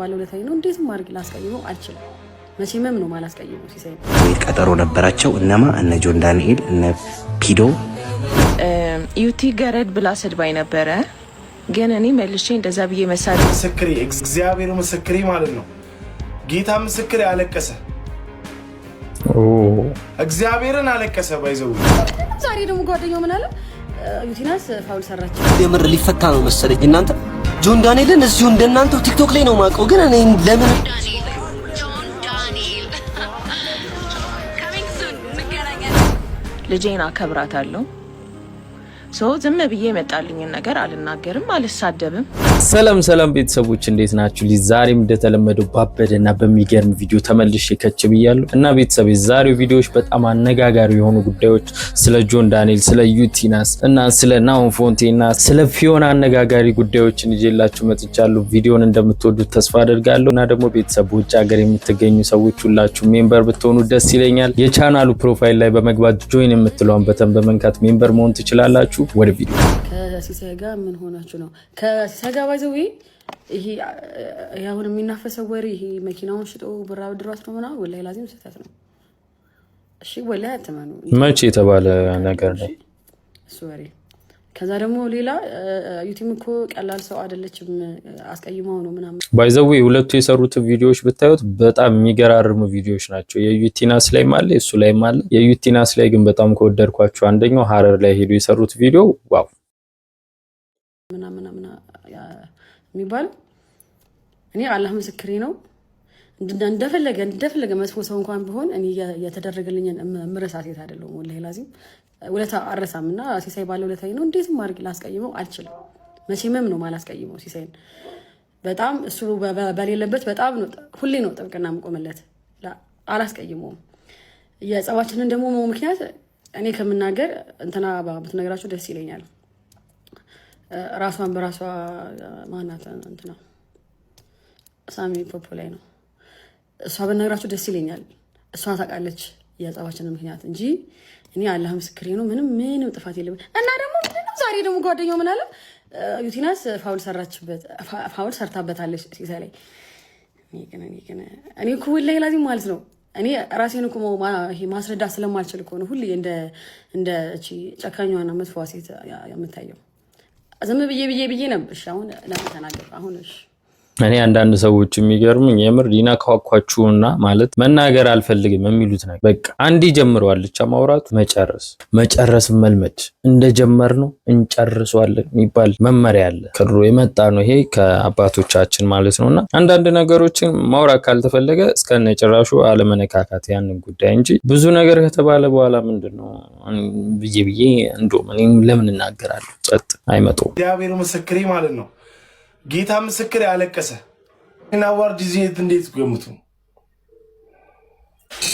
ባለውለታዬ ነው። እንዴት አድርጌ ላስቀይመው አልችልም። መቼምም ነው ማላስቀይመው። ሲሳይ ቀጠሮ ነበራቸው። እነማ እነ ጆን ዳንኤል እነ ፒዶ ዩቲ ገረድ ብላ ሰድባኝ ነበረ፣ ግን እኔ መልሼ እንደዛ ብዬ መሳል ምስክሬ፣ እግዚአብሔር ምስክሬ ማለት ነው። ጌታ ምስክሬ አለቀሰ፣ እግዚአብሔርን አለቀሰ። ባይዘው ዛሬ ደግሞ ጓደኛው ምን አለ? ዩቲናስ ፋውል ሰራች። የምር ሊፈታ ነው መሰለኝ እናንተ ጆን ዳንኤልን እዚሁ እንደናንተው ቲክቶክ ላይ ነው የማውቀው፣ ግን እኔ ለምን ልጄን አከብራታለሁ። ሰው ዝም ብዬ የመጣልኝን ነገር አልናገርም፣ አልሳደብም። ሰላም ሰላም ቤተሰቦች እንዴት ናችሁ? ዛሬም እንደተለመደው ባበደና በሚገርም ቪዲዮ ተመልሼ ከች ብያለሁ እና ቤተሰብ ዛሬው ቪዲዮዎች በጣም አነጋጋሪ የሆኑ ጉዳዮች ስለ ጆን ዳንኤል፣ ስለ ዩቲናስ እና ስለ ናሆም እና ስለ ፊዮና አነጋጋሪ ጉዳዮችን ይዤላችሁ መጥቻለሁ። ቪዲዮን እንደምትወዱት ተስፋ አደርጋለሁ እና ደግሞ ቤተሰብ ውጭ ሀገር የምትገኙ ሰዎች ሁላችሁ ሜምበር ብትሆኑ ደስ ይለኛል። የቻናሉ ፕሮፋይል ላይ በመግባት ጆይን የምትለውን በተን በመንካት ሜምበር መሆን ትችላላችሁ። ወደ ቪዲዮ ከሲሳይ ጋር ምን ሆናችሁ ነው? ከሲሳይ ጋር ባይዘው ይሄ አሁን የሚናፈሰው ወሬ ይሄ መኪናውን ሽጦ ብር አብድሯት ነው ምናምን፣ ወላሂ ላዚም ስህተት ነው። እሺ ወላሂ አትመኑ። መቼ የተባለ ነገር ነው እሱ ወሬ። ከዛ ደግሞ ሌላ ዩቲም እኮ ቀላል ሰው አይደለችም፣ አስቀይመው ነው ምናምን። ባይዘዊ ሁለቱ የሰሩት ቪዲዮዎች ብታዩት በጣም የሚገራርሙ ቪዲዮዎች ናቸው። የዩቲናስ ላይም አለ፣ እሱ ላይም አለ። የዩቲናስ ላይ ግን በጣም ከወደድኳቸው አንደኛው ሀረር ላይ ሄዱ የሰሩት ቪዲዮ ዋው የሚባለው። እኔ አላህ ምስክሬ ነው። እንደፈለገ እንደፈለገ መጥፎ ሰው እንኳን ቢሆን እኔ የተደረገልኝን ምረሳ ሴት አይደለሁም። ወላሂ ላዚም ውለታ አረሳም እና ሲሳይ ባለ ውለታዬ ነው። እንዴት አድርጌ ላስቀይመው አልችልም። መቼምም ነው ማላስቀይመው ሲሳይን። በጣም እሱ በሌለበት በጣም ሁሌ ነው ጥብቅና የምቆምለት፣ አላስቀይመውም። የጸባችንን ደግሞ ምክንያት እኔ ከምናገር እንትና ባቡት ነገራቸው ደስ ይለኛል። ራሷን በራሷ ማናት እንትና ሳሚ ፖፖ ላይ ነው። እሷ ብነግራችሁ ደስ ይለኛል። እሷ ታውቃለች የጸባችንን ምክንያት እንጂ እኔ አላህ ምስክሬ ነው። ምንም ምንም ጥፋት የለብኝ እና ደግሞ ምንድነው ዛሬ ደግሞ ጓደኛው ምን አለ ዩቲናስ ፋውል ሰራችበት፣ ፋውል ሰርታበታለች ሲሳ ላይ እኔ እኮ ላይ ላዚም ማለት ነው እኔ ራሴን እኮ ማስረዳ ስለማልችል ከሆነ ሁሌ እንደ ጨካኛዋና መጥፎዋ ሴት የምታየው ዝም ብዬ ብዬ ብዬ ነብሽ አሁን ተናገር አሁን እሺ እኔ አንዳንድ ሰዎች የሚገርምኝ የምር ይነካኳችሁና ማለት መናገር አልፈልግም የሚሉት ነገር በቃ አንዴ ጀምረዋል ብቻ ማውራቱ መጨረስ መጨረስ መልመድ እንደጀመር ነው እንጨርሷለን የሚባል መመሪያ አለ። ከድሮ የመጣ ነው ይሄ ከአባቶቻችን ማለት ነው። እና አንዳንድ ነገሮችን ማውራት ካልተፈለገ እስከነ ጭራሹ አለመነካካት ያንን ጉዳይ እንጂ ብዙ ነገር ከተባለ በኋላ ምንድን ነው ብዬ ብዬ እንደውም ለምን እናገራለሁ? ጸጥ አይመጣውም። እግዚአብሔር ምስክሬ ማለት ነው ጌታ ምስክር ያለቀሰ ይህን አዋርድ ይዤ እንዴት ገምቱ?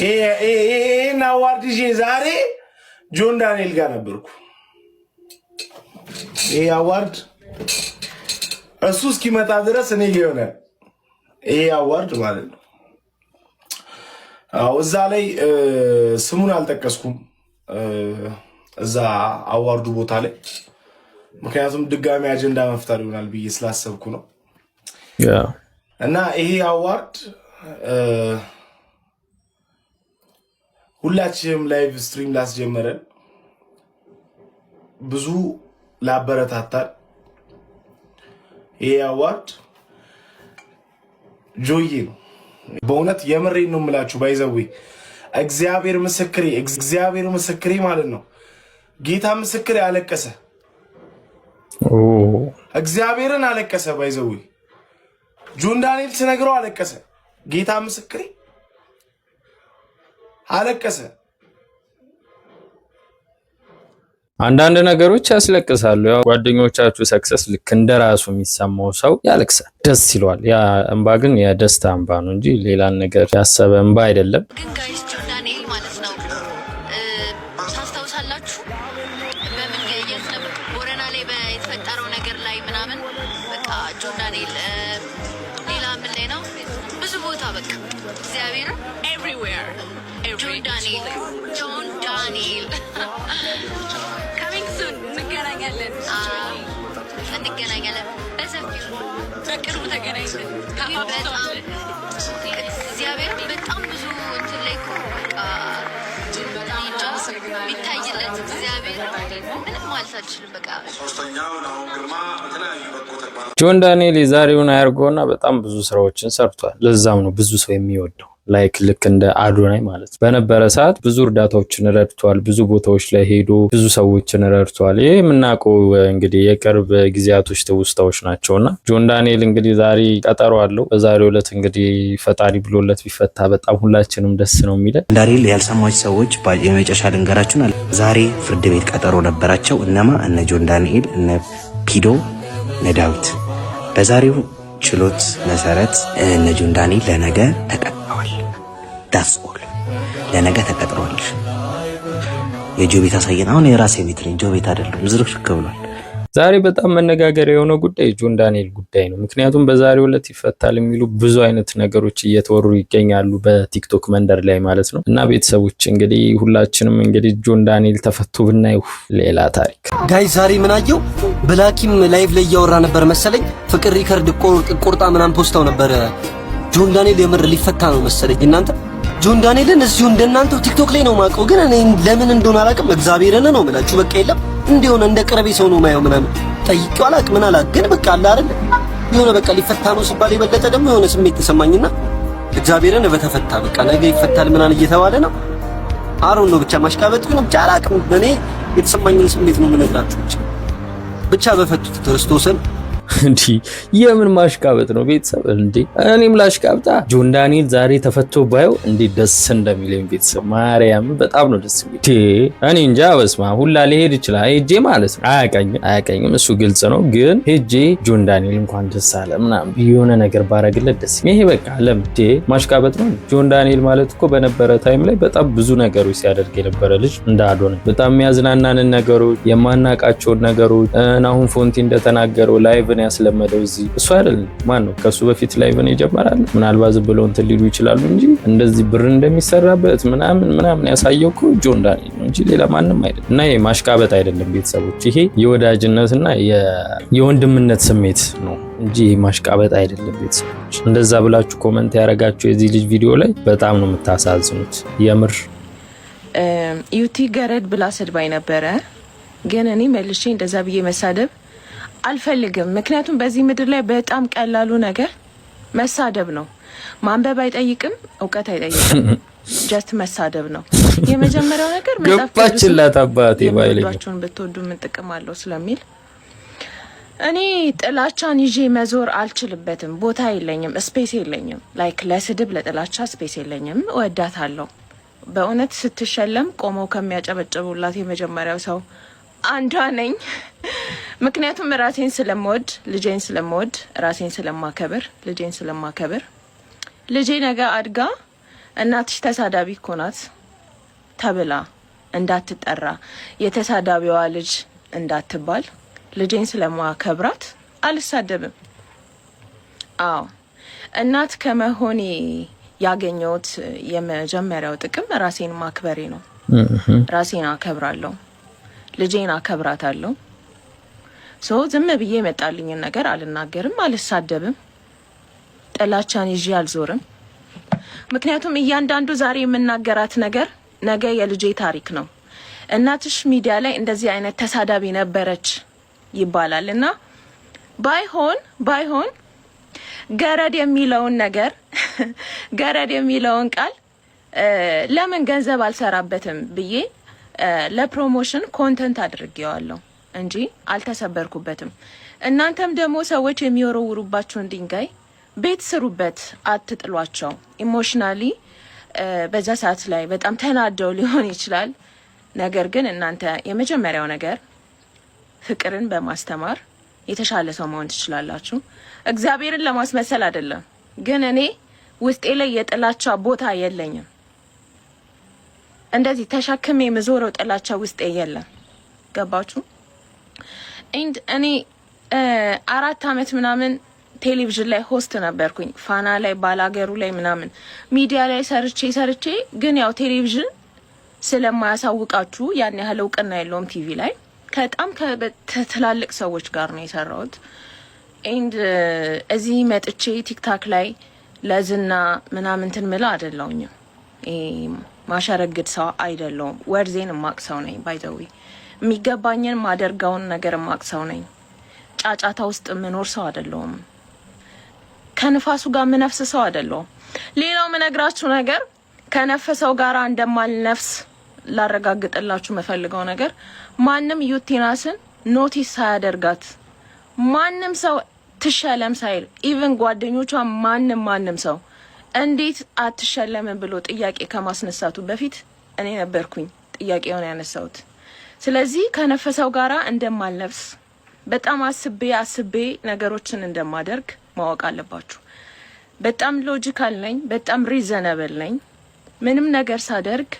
ይህን አዋርድ ይዤ ዛሬ ጆን ዳንኤል ጋር ነበርኩ። ይህ አዋርድ እሱ እስኪመጣ ድረስ እኔ ሊሆነ ይህ አዋርድ ማለት ነው። አዎ እዛ ላይ ስሙን አልጠቀስኩም። እዛ አዋርዱ ቦታ ላይ ምክንያቱም ድጋሚ አጀንዳ መፍጠር ይሆናል ብዬ ስላሰብኩ ነው። እና ይሄ አዋርድ ሁላችንም ላይቭ ስትሪም ላስጀመረን ብዙ ላበረታታል ይሄ አዋርድ ጆዬ ነው። በእውነት የምሬን ነው የምላችሁ። ባይዘዌ እግዚአብሔር ምስክሬ፣ እግዚአብሔር ምስክሬ ማለት ነው። ጌታ ምስክሬ አለቀሰ። እግዚአብሔርን አለቀሰ። ባይዘዊ ጁን ዳንኤል ስነግረው አለቀሰ። ጌታ ምስክሬ አለቀሰ። አንዳንድ ነገሮች ያስለቅሳሉ። ያው ጓደኞቻችሁ ሰክሰስ ልክ እንደ ራሱ የሚሰማው ሰው ያለቅሳል፣ ደስ ይለዋል። ያ እንባ ግን የደስታ እንባ ነው እንጂ ሌላን ነገር ያሰበ እንባ አይደለም። በተፈጠረው ነገር ላይ ምናምን በቃ ጆርዳኔል ሌላ ምን ላይ ነው ብዙ ቦታ በቃ እግዚአብሔር ኤቭሪዌር ጆን ዳንኤል ጆን ዳንኤል ካሚንግ ሱን እንገናኛለን እንገናኛለን በሰፊው በቅርቡ ተገናኝተን በጣም ጆን ዳንኤል የዛሬውን አያርገውና በጣም ብዙ ስራዎችን ሰርቷል። ለዛም ነው ብዙ ሰው የሚወደው። ላይክ ልክ እንደ አዶናይ ማለት ነው። በነበረ ሰዓት ብዙ እርዳታዎችን ረድቷል። ብዙ ቦታዎች ላይ ሄዶ ብዙ ሰዎችን ረድቷል። ይህ የምናውቀው እንግዲህ የቅርብ ጊዜያቶች ትውስታዎች ናቸው እና ጆን ዳንኤል እንግዲህ ዛሬ ቀጠሮ አለው። በዛሬው ዕለት እንግዲህ ፈጣሪ ብሎለት ቢፈታ በጣም ሁላችንም ደስ ነው የሚለን። ዳንኤል ያልሰማች ሰዎች የመጨረሻ ልንገራችሁን። ዛሬ ፍርድ ቤት ቀጠሮ ነበራቸው። እነማ እነ ጆን ዳንኤል፣ እነ ፒዶ፣ እነ ዳዊት። በዛሬው ችሎት መሰረት እነ ጆን ዳንኤል ለነገ ተቀ ዳስ ኦል ለነገ ተቀጥሯል። የጆ ቤት አሳየን። አሁን የራሴ ቤት ነኝ፣ ጆ ቤት አይደለም። ዝርክርክ ብሏል። ዛሬ በጣም መነጋገር የሆነ ጉዳይ ጆን ዳንኤል ጉዳይ ነው። ምክንያቱም በዛሬው ዕለት ይፈታል የሚሉ ብዙ አይነት ነገሮች እየተወሩ ይገኛሉ በቲክቶክ መንደር ላይ ማለት ነው። እና ቤተሰቦች እንግዲህ ሁላችንም እንግዲህ ጆን ዳንኤል ተፈቶ ብናይ ሌላ ታሪክ ጋይ። ዛሬ ምን አየው በላኪም ላይቭ ላይ እያወራ ነበር መሰለኝ። ፍቅር ሪከርድ ቁርጣ ምናምን ፖስታው ነበር። ጆን ዳንኤል የምር ሊፈታ ነው መሰለኝ እናንተ ጆን ዳንኤልን እዚሁ እንደናንተው ቲክቶክ ላይ ነው ማውቀው፣ ግን እኔ ለምን እንደሆነ አላውቅም። እግዚአብሔርን ነው የምላችሁ። በቃ የለም እንደሆነ እንደ ቅርቤ ሰው ነው ማየው ምናምን ጠይቄው አላውቅም ምን አላውቅም፣ ግን በቃ አለ አይደል የሆነ በቃ ሊፈታ ነው ሲባል የበለጠ ደግሞ የሆነ ስሜት ተሰማኝና እግዚአብሔርን በተፈታ በቃ ነገ ይፈታል ምናምን እየተባለ ነው አሩን ነው ብቻ ማሽቃበጥ ነው ብቻ አላውቅም። እኔ የተሰማኝን ስሜት ነው የምነግራችሁ። ብቻ በፈቱት ክርስቶስን እንዲህ የምን ማሽቃበጥ ነው ቤተሰብ? እንዴ እኔም ላሽቃብጣ። ጆን ዳንኤል ዛሬ ተፈቶ ባየው እንዴት ደስ እንደሚለኝ ቤተሰብ ማርያም፣ በጣም ነው ደስ የሚል። እኔ እንጃ በስማ ሁላ ሊሄድ ይችላል ሄጄ ማለት ነው። አያቀኝም አያቀኝም፣ እሱ ግልጽ ነው። ግን ሄጄ ጆን ዳንኤል እንኳን ደስ አለ ምናምን የሆነ ነገር ባረግለት ደስ ይሄ በቃ ለምዴ ማሽቃበጥ ነው። ጆን ዳንኤል ማለት እኮ በነበረ ታይም ላይ በጣም ብዙ ነገሮች ሲያደርግ የነበረ ልጅ እንደ በጣም የሚያዝናናንን ነገሮች፣ የማናቃቸውን ነገሮች አሁን ፎንቲ እንደተናገረው ላይቭን ያስለመደው እዚህ እሱ አይደለም። ማን ነው ከእሱ በፊት ላይ ላይቭን ይጀምራል። ምናልባት ዝም ብለው እንትን ሊሉ ይችላሉ እንጂ እንደዚህ ብር እንደሚሰራበት ምናምን ምናምን ያሳየው እኮ ጆን ዳንኤል ነው እንጂ ሌላ ማንም አይደለም። እና ይሄ ማሽቃበጥ አይደለም ቤተሰቦች፣ ይሄ የወዳጅነትና የወንድምነት ስሜት ነው እንጂ ይሄ ማሽቃበጥ አይደለም ቤተሰቦች። እንደዛ ብላችሁ ኮመንት ያደረጋችሁ የዚህ ልጅ ቪዲዮ ላይ በጣም ነው የምታሳዝኑት የምር ዩቲ ገረድ ብላ ሰድባይ ነበረ ግን እኔ መልሼ እንደዛ ብዬ መሳደብ አልፈልግም። ምክንያቱም በዚህ ምድር ላይ በጣም ቀላሉ ነገር መሳደብ ነው። ማንበብ አይጠይቅም፣ እውቀት አይጠይቅም። ጀስት መሳደብ ነው። የመጀመሪያው ነገር ገባችላት። አባቴ ባይለችሁን ብትወዱ ምን ጥቅም አለው ስለሚል እኔ ጥላቻን ይዤ መዞር አልችልበትም። ቦታ የለኝም፣ ስፔስ የለኝም። ላይክ ለስድብ ለጥላቻ ስፔስ የለኝም። እወዳታለሁ በእውነት ስትሸለም ቆመው ከሚያጨበጭቡላት የመጀመሪያው ሰው አንዷ ነኝ። ምክንያቱም ራሴን ስለምወድ ልጄን ስለምወድ ራሴን ስለማከብር ልጄን ስለማከብር ልጄ ነገ አድጋ እናትሽ ተሳዳቢ እኮ ናት ተብላ እንዳትጠራ የተሳዳቢዋ ልጅ እንዳትባል ልጄን ስለማከብራት አልሳደብም። አዎ እናት ከመሆኔ ያገኘሁት የመጀመሪያው ጥቅም ራሴን ማክበሬ ነው። ራሴን አከብራለሁ። ልጄን አከብራታለሁ። ሶ ዝም ብዬ የመጣልኝን ነገር አልናገርም፣ አልሳደብም፣ ጥላቻን ይዤ አልዞርም። ምክንያቱም እያንዳንዱ ዛሬ የምናገራት ነገር ነገ የልጄ ታሪክ ነው። እናትሽ ሚዲያ ላይ እንደዚህ አይነት ተሳዳቢ ነበረች ይባላል እና ባይሆን ባይሆን ገረድ የሚለውን ነገር ገረድ የሚለውን ቃል ለምን ገንዘብ አልሰራበትም ብዬ ለፕሮሞሽን ኮንተንት አድርጌዋለሁ እንጂ አልተሰበርኩበትም። እናንተም ደግሞ ሰዎች የሚወረውሩባቸውን ድንጋይ ቤት ስሩበት፣ አትጥሏቸው። ኢሞሽናሊ በዛ ሰዓት ላይ በጣም ተናደው ሊሆን ይችላል። ነገር ግን እናንተ የመጀመሪያው ነገር ፍቅርን በማስተማር የተሻለ ሰው መሆን ትችላላችሁ። እግዚአብሔርን ለማስመሰል አይደለም፣ ግን እኔ ውስጤ ላይ የጥላቻ ቦታ የለኝም። እንደዚህ ተሸክሜ የምዞረው ጥላቻ ውስጤ የለም። ገባችሁ? ኢንድ እኔ አራት አመት ምናምን ቴሌቪዥን ላይ ሆስት ነበርኩኝ፣ ፋና ላይ፣ ባላገሩ ላይ ምናምን ሚዲያ ላይ ሰርቼ ሰርቼ ግን ያው ቴሌቪዥን ስለማያሳውቃችሁ ያን ያህል እውቅና የለውም። ቲቪ ላይ ከጣም ከትላልቅ ሰዎች ጋር ነው የሰራሁት። ኤንድ እዚህ መጥቼ ቲክታክ ላይ ለዝና ምናምን እንትን ምላ አይደለውኝም። ማሸረግድ ሰው አይደለውም። ወርዜን ማቅ ሰው ነኝ። ባይዘዌ የሚገባኝን ማደርገውን ነገር ማቅ ሰው ነኝ። ጫጫታ ውስጥ ምኖር ሰው አይደለውም። ከንፋሱ ጋር ምነፍስ ሰው አይደለውም። ሌላው ምነግራችሁ ነገር ከነፈሰው ጋር እንደማልነፍስ ላረጋግጥላችሁ የምፈልገው ነገር ማንም ዩቲናስን ኖቲስ ሳያደርጋት ማንም ሰው ትሸለም ሳይል ኢቭን ጓደኞቿ ማንም ማንም ሰው እንዴት አትሸለምን ብሎ ጥያቄ ከማስነሳቱ በፊት እኔ ነበርኩኝ ጥያቄውን ያነሳሁት። ስለዚህ ከነፈሰው ጋራ እንደማልነፍስ በጣም አስቤ አስቤ ነገሮችን እንደማደርግ ማወቅ አለባችሁ። በጣም ሎጂካል ነኝ፣ በጣም ሪዘነብል ነኝ። ምንም ነገር ሳደርግ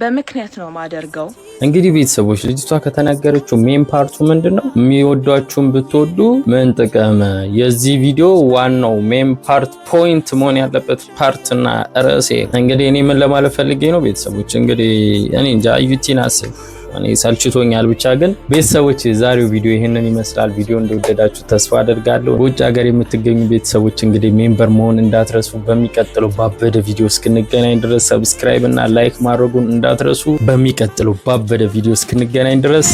በምክንያት ነው ማደርገው። እንግዲህ ቤተሰቦች ልጅቷ ከተናገረችው ሜን ፓርቱ ምንድን ነው? የሚወዷችሁን ብትወዱ ምን ጥቅም? የዚህ ቪዲዮ ዋናው ሜን ፓርት ፖይንት መሆን ያለበት ፓርትና ርዕሴ እንግዲህ እኔ ምን ለማለት ፈልጌ ነው ቤተሰቦች እንግዲህ እኔ እንጃ አዩቲን አስብ እኔ ሰልችቶኛል። ብቻ ግን ቤተሰቦች የዛሬው ቪዲዮ ይህንን ይመስላል። ቪዲዮ እንደወደዳችሁ ተስፋ አደርጋለሁ። በውጭ ሀገር የምትገኙ ቤተሰቦች እንግዲህ ሜምበር መሆን እንዳትረሱ። በሚቀጥለው ባበደ ቪዲዮ እስክንገናኝ ድረስ ሰብስክራይብ እና ላይክ ማድረጉን እንዳትረሱ። በሚቀጥለው ባበደ ቪዲዮ እስክንገናኝ ድረስ